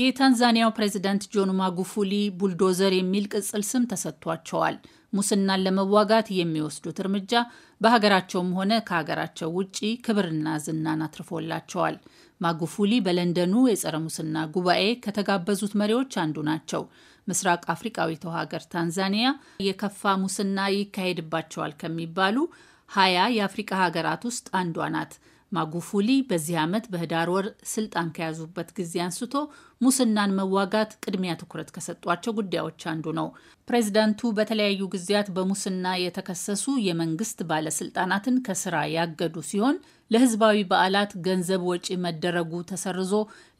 የታንዛኒያው ፕሬዚዳንት ጆን ማጉፉሊ ቡልዶዘር የሚል ቅጽል ስም ተሰጥቷቸዋል። ሙስናን ለመዋጋት የሚወስዱት እርምጃ በሀገራቸውም ሆነ ከሀገራቸው ውጪ ክብርና ዝናን አትርፎላቸዋል። ማጉፉሊ በለንደኑ የጸረ ሙስና ጉባኤ ከተጋበዙት መሪዎች አንዱ ናቸው። ምስራቅ አፍሪቃዊቷ ሀገር ታንዛኒያ የከፋ ሙስና ይካሄድባቸዋል ከሚባሉ ሀያ የአፍሪቃ ሀገራት ውስጥ አንዷ ናት። ማጉፉሊ በዚህ ዓመት በህዳር ወር ስልጣን ከያዙበት ጊዜ አንስቶ ሙስናን መዋጋት ቅድሚያ ትኩረት ከሰጧቸው ጉዳዮች አንዱ ነው። ፕሬዚዳንቱ በተለያዩ ጊዜያት በሙስና የተከሰሱ የመንግስት ባለስልጣናትን ከስራ ያገዱ ሲሆን ለህዝባዊ በዓላት ገንዘብ ወጪ መደረጉ ተሰርዞ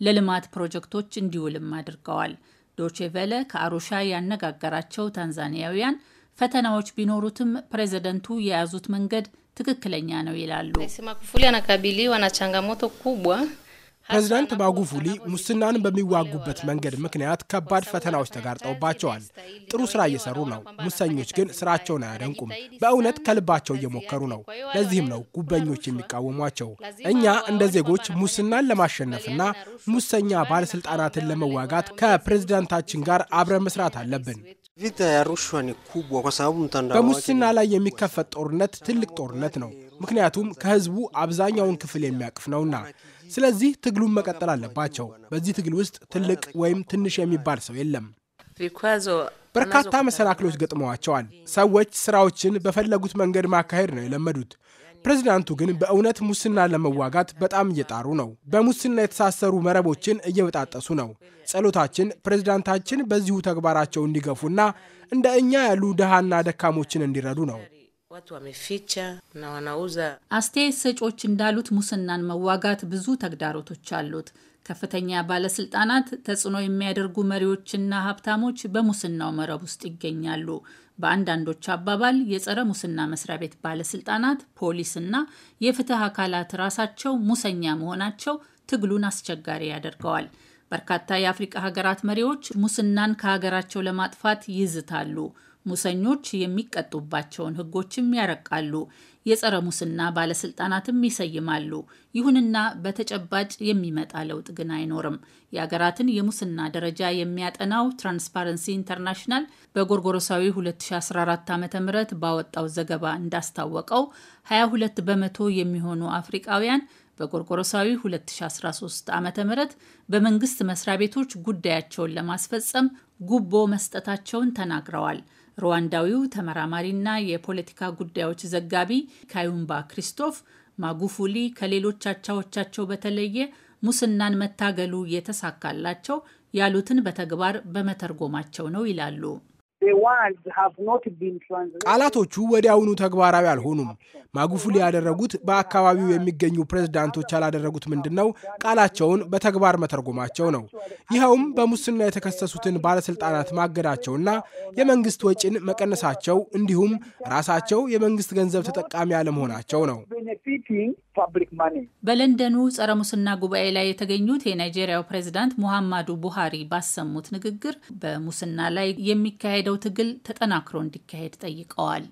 ለልማት ፕሮጀክቶች እንዲውልም አድርገዋል። ዶቼቬለ ከአሩሻ ያነጋገራቸው ታንዛኒያውያን ፈተናዎች ቢኖሩትም ፕሬዚደንቱ የያዙት መንገድ ትክክለኛ ነው ይላሉ። rais anakabiliwa na changamoto kubwa ፕሬዚዳንት ማጉፉሊ ሙስናን በሚዋጉበት መንገድ ምክንያት ከባድ ፈተናዎች ተጋርጠውባቸዋል። ጥሩ ስራ እየሰሩ ነው። ሙሰኞች ግን ስራቸውን አያደንቁም። በእውነት ከልባቸው እየሞከሩ ነው። ለዚህም ነው ጉበኞች የሚቃወሟቸው። እኛ እንደ ዜጎች ሙስናን ለማሸነፍና ሙሰኛ ባለስልጣናትን ለመዋጋት ከፕሬዚዳንታችን ጋር አብረን መስራት አለብን። በሙስና ላይ የሚከፈት ጦርነት ትልቅ ጦርነት ነው። ምክንያቱም ከህዝቡ አብዛኛውን ክፍል የሚያቅፍ ነውና። ስለዚህ ትግሉን መቀጠል አለባቸው። በዚህ ትግል ውስጥ ትልቅ ወይም ትንሽ የሚባል ሰው የለም። በርካታ መሰናክሎች ገጥመዋቸዋል። ሰዎች ስራዎችን በፈለጉት መንገድ ማካሄድ ነው የለመዱት። ፕሬዚዳንቱ ግን በእውነት ሙስና ለመዋጋት በጣም እየጣሩ ነው። በሙስና የተሳሰሩ መረቦችን እየበጣጠሱ ነው። ጸሎታችን ፕሬዚዳንታችን በዚሁ ተግባራቸው እንዲገፉና እንደ እኛ ያሉ ድሃና ደካሞችን እንዲረዱ ነው። watu wameficha na wanauza አስተያየት ሰጪዎች እንዳሉት ሙስናን መዋጋት ብዙ ተግዳሮቶች አሉት። ከፍተኛ ባለስልጣናት፣ ተጽዕኖ የሚያደርጉ መሪዎችና ሀብታሞች በሙስናው መረብ ውስጥ ይገኛሉ። በአንዳንዶች አባባል የጸረ ሙስና መስሪያ ቤት ባለስልጣናት፣ ፖሊስና የፍትህ አካላት ራሳቸው ሙሰኛ መሆናቸው ትግሉን አስቸጋሪ ያደርገዋል። በርካታ የአፍሪቃ ሀገራት መሪዎች ሙስናን ከሀገራቸው ለማጥፋት ይዝታሉ። ሙሰኞች የሚቀጡባቸውን ህጎችም ያረቃሉ። የጸረ ሙስና ባለስልጣናትም ይሰይማሉ። ይሁንና በተጨባጭ የሚመጣ ለውጥ ግን አይኖርም። የሀገራትን የሙስና ደረጃ የሚያጠናው ትራንስፓረንሲ ኢንተርናሽናል በጎርጎሮሳዊ 2014 ዓ ም ባወጣው ዘገባ እንዳስታወቀው 22 በመቶ የሚሆኑ አፍሪቃውያን በጎርጎሮሳዊ 2013 ዓ ም በመንግስት መስሪያ ቤቶች ጉዳያቸውን ለማስፈጸም ጉቦ መስጠታቸውን ተናግረዋል። ሩዋንዳዊው ተመራማሪና የፖለቲካ ጉዳዮች ዘጋቢ ካዩምባ ክሪስቶፍ ማጉፉሊ ከሌሎች አቻዎቻቸው በተለየ ሙስናን መታገሉ የተሳካላቸው ያሉትን በተግባር በመተርጎማቸው ነው ይላሉ። ቃላቶቹ ወዲያውኑ ተግባራዊ አልሆኑም። ማጉፉሊ ያደረጉት በአካባቢው የሚገኙ ፕሬዝዳንቶች ያላደረጉት ምንድን ነው? ቃላቸውን በተግባር መተርጎማቸው ነው። ይኸውም በሙስና የተከሰሱትን ባለስልጣናት ማገዳቸውና የመንግስት ወጪን መቀነሳቸው እንዲሁም ራሳቸው የመንግስት ገንዘብ ተጠቃሚ አለመሆናቸው ነው። በለንደኑ ጸረ ሙስና ጉባኤ ላይ የተገኙት የናይጄሪያው ፕሬዚዳንት ሙሐማዱ ቡሃሪ ባሰሙት ንግግር በሙስና ላይ የሚካሄደው ትግል ተጠናክሮ እንዲካሄድ ጠይቀዋል።